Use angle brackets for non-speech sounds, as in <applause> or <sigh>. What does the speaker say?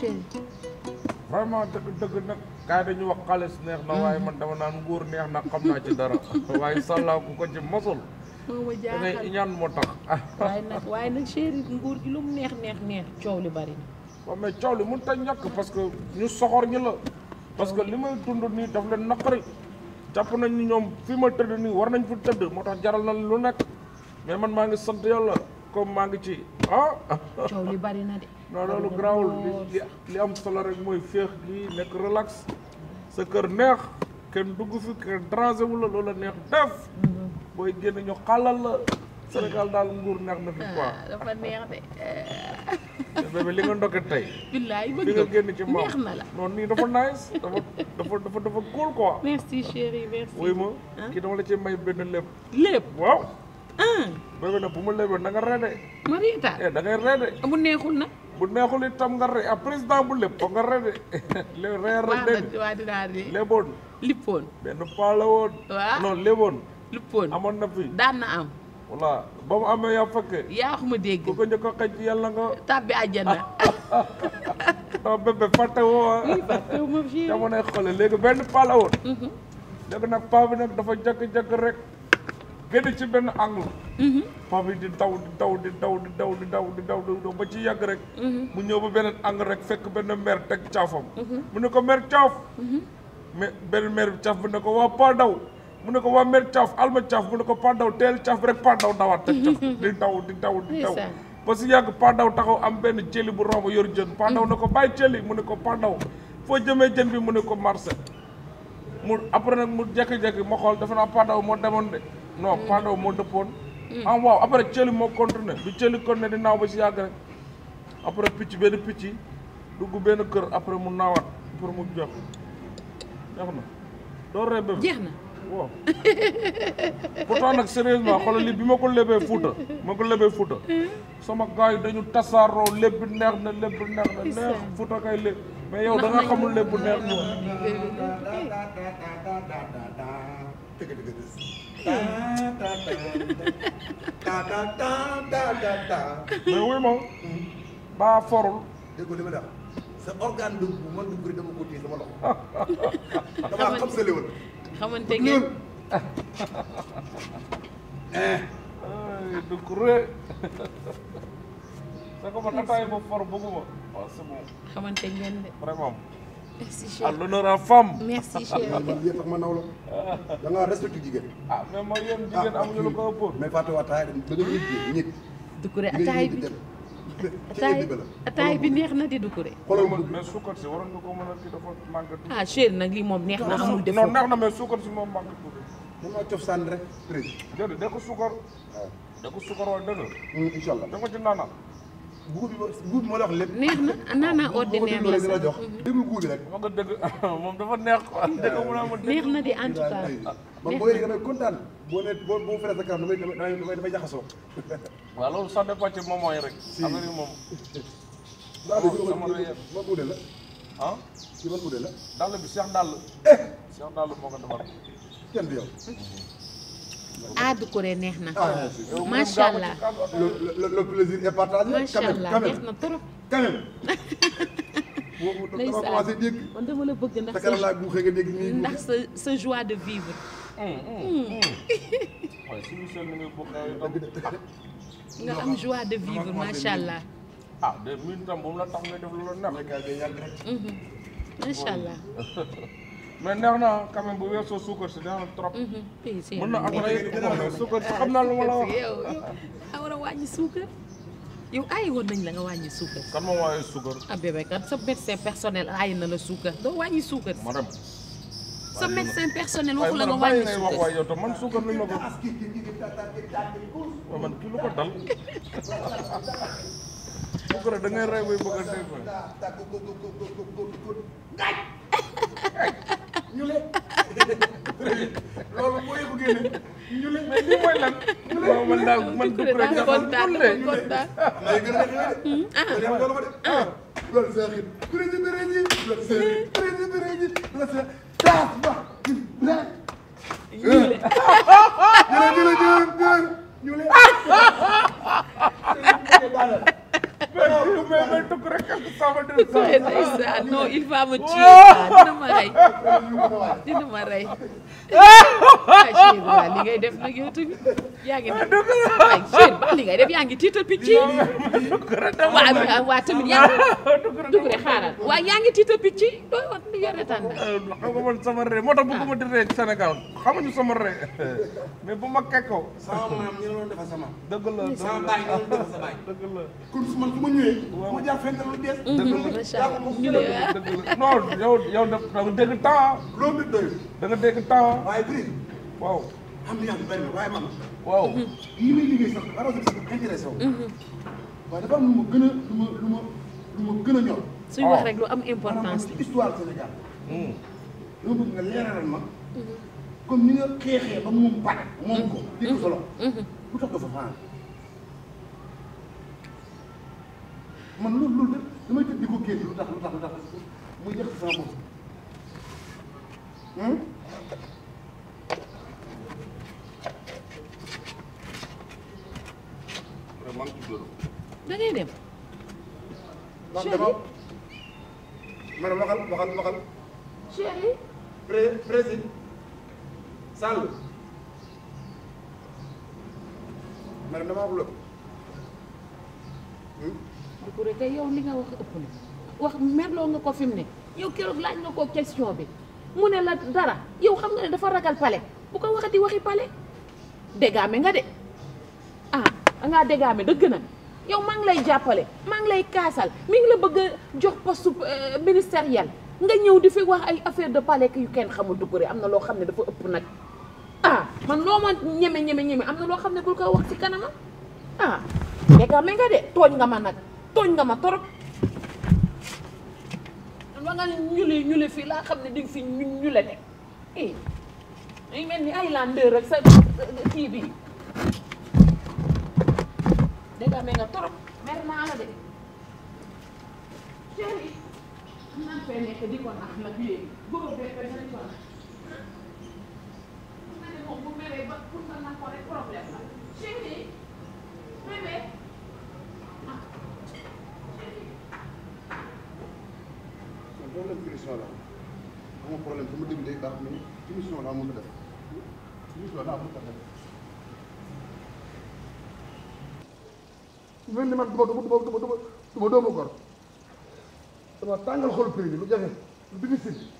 chéri vraiment dëgg dëgg nag kaay dañu wax xaalis neex na waaye man dama naan nguur neex na xam naa ci dara <laughs> waaye sàllaa ku ko ci mosul mooma jaaxal da ngay iñaan moo tax <laughs> waaye nag waaye nag chéri nguur gi lu mu neex neex neex coow bari na waaw mais coow li mënut a ñàkk parce que ñu soxor ñi la parce que li may dund nii daf leen naqari jàpp nañ ni ñoom fii ma tëdd nii war nañ fi tëdd moo tax jaral na lu nekk mais man maa ngi sant yàlla comme maa ngi ci ah coow li bari na de non loolu grawul li li am solo rek mooy féex gi nekk relax sa kër neex kenn dugg fi kenn dragé wu la loola neex def booy génn ñu xàllal la Sénégal daal nguur neex na fi quoi ah, dafa eh, li nga ndokke tey billaay li nga génn ci moom na la noonu nii dafa nice dafa dafa dafa dafa cool quoi merci chérie merci ah? kii dama la ci may benn lépp lépp waaw ah. bébé nag bu ma léeboon na nga ma reetaan eh, da ngay reede bu neexul nag bu neexul itam nga re ah, président bu lépp nga re de. <laughs> le reer rek dégg waaw benn paa woon. waaw non leboon. lippoon amoon na fi daan na am. voilà ba mu amee yaa fekkee. yaa xuma dégg. nga. <laughs> tàbbi àjjana. <laughs> non bébé fàtte woo. Ah. oui fàtte xole léegi benn paa woon. Mhm. léegi nag paa bi nag dafa jëkk-jëkk rek. génn ci benn angle. Mhm. paa bi di daw di daw di daw di daw di di daw di ba ci yàgg rek. Mhm. mu ñëw ba beneen angle rek fekk benn mer teg caafam. Mhm. mu ne ko mer caaf. mais benn mer caaf bu ne ko waa paa daw. mu ne ko waa meer caaf alma caaf mu ne ko paa daw teel caaf rek paa daw dawaat teg caaf di daw di daw di daw. parce que yàgg paa daw taxaw am benn cëli bu romb yor jën. paa daw ne ko bàyyi cëli mu ne ko paa daw foo jëmee jën bi mu ne ko marché. mu après nag mu jékki-jékki ma xool dafa naa paa daw moo demoon de. non Padow moo dëppoon. ah waaw après cëli moo continué bi cëli continué di naaw ba si yàgg rek après picc benn picc yi dugg benn kër après mu naawaat pour mu jox jeex na. doo rebe jeex waaw pourtant nag sérieusement xoolal li bi ma ko lebee Fouta ma ko lebee Fouta sama gars dañu tasaaroo lépp neex na lépp neex na neex Fouta kay lépp mais yow da nga xamul lépp neex na. mais wuy ma baa forul. bu man du bëri dama ko téye sama loxo. xamante ngeen <laughs> eh. du kuré sa ko man ataay boobu for bëgguma waaw c'est xamante ngeen de vraiment merci chère à l'honneur à femme. merci chère man yéen sax ma naw la da nga respecté jigéen. ah mais mooy yéen jigéen amuñu lu ko ëpp. mais Fatou ataaya da nga nit nit. du ko rek ataay bi ataay bi neex na di Doucouré. mais suukar si waroon nga ko mën a kii dafa manqué tuuti. ah neex na amul defoo non neex na mais suukar si moom manqué tuuti. mën naa cof sànni rek. déedéet da ko suukar. waaw ah. da ko suukar wala déedéet. Mm, incha allah ko ci naanal. guub guub moo la wax lépp. neex na naanaa ordinaire la sax jox. Mm-hmm. déglu guub bi <laughs> moom dafa neex quoi. dégg mu ne ma neex na di en tout cas. neex damay kontaan boo nee boo boo fële sa kanam damay damay damay jaxasoo. <laughs> waaw loolu sax dépend ci moom mooy rek. si affaire yi moom. Oh, la. ah. bi Cheikh Dàll. Eh! Cheikh Dàll boo ko defar. kenn du yow. aadu Kouré neex na. Ah, macha allah le le plaisir est <laughs> dama la bëgg ndax sa joie de vivre. mooy hmm, hmm, hmm. <laughs> <laughs> nga am joie de vivre macha allah. ah de mine tam la tax mhm. <laughs> mais neex na quand bu weesoo suukar si neex na trop. Mhm. mën na am na ma la wax. <laughs> yow a war a wàññi suukar. yow aay woon nañ la nga wàññi suukar. kan ma waaye suukar. ah bébé kat sa médecin personnel aay na la suukar doo wàññi suukar. madame. sa médecin personnel waxu la nga wàññi suukar. man suukar ni ma ko. waaw man ki lu ko dal <laughs> bu ko da ngay rey bay bëgg a dee <laughs> ñu le loolu boo yëgu génne ñu le mais lii mooy lan waaw man daal man dugg rek dafa kontaan kontaan ah. Ah. Ah. loolu sa xit prési béréji loolu sa prési béréji loolu sa ñu ndeysaan non il va me tuer dina ma rey dina ma rey ah li ngay def nag yow tamit yaa ngi def li ngay def yaa ngi tiital picc yi waaw waaw tamit yaa ngi dugg rek xaaral waaw yaa ngi tiital picc yi doo yore tànn. xam nga man sama ree moo tax bëgguma di ree Sénégal xamuñu sama ree mais bu ma kekkoo. sama maam ñu doon defar sama. dëgg la sama baay ñu doon defar sa baay. dëgg la. bu ma ñëwee. waaw ma jàpp fenn lu bees. dëgg la ñu ne non yow yow da nga dégg temps. loolu it doyul. da nga dégg temps. waaye bëri waaw. am na yàlla bëri na waaye man. waaw. yii mhm. may liggéey sax rawatina sax intéressé wu. Mhm. waaye dafa am lu ma gën a lu ma lu ma lu ma gën a ñor. suñu wax rek lu am importance la histoire Sénégal. Mhm. dama bëgg nga leeralal ma. comme ni nga xeexee ba moom pare. moom ko dégg solo. lu tax dafa fanaan. man loolu loolu lépp damay tëdd di ko génn lu tax lu tax lu tax muy yàq sama bopp man hmm? da ngay dem. chéri dama man waxal waxal waxal. chéri. pré président Sall. man dama wax loolu. Hmm? Doucouré tey yow li nga wax ëpp na wax merloo nga ko fim mu ne yow keroog laaj nga ko question bi mu ne la dara yow xam nga ne dafa ragal pale bu ko waxati waxi pale dégaame nga de ah dangaa dégaame dëgg na yow maa lay jàppale maa ngi lay kaasal mi ngi la bëgg jox poste euh, ministériel nga ñëw di fi wax ay affaire de palais yu kenn xamul Doucouré am na loo xam ne dafa ëpp nag ah man loo ma ñeme ñeme ñeme am na loo xam ne bul ko wax ci kanamam ah dégaame nga de nga ma nag tooñ nga ma torop wa nga ñuli ñuli fii laa xam ne di nga fi ñu ñule teg eh dañu mel ni ay landeur sa kii bii dégg amee nga torop mer naa de émission la am problème bu ma déglu daa xam ne émission la amoon def émission la amoon def. su fekkee ne man du ma du ma du ma du ma doomu gor dama tàngal xol prix bi lu jafe lu difficile.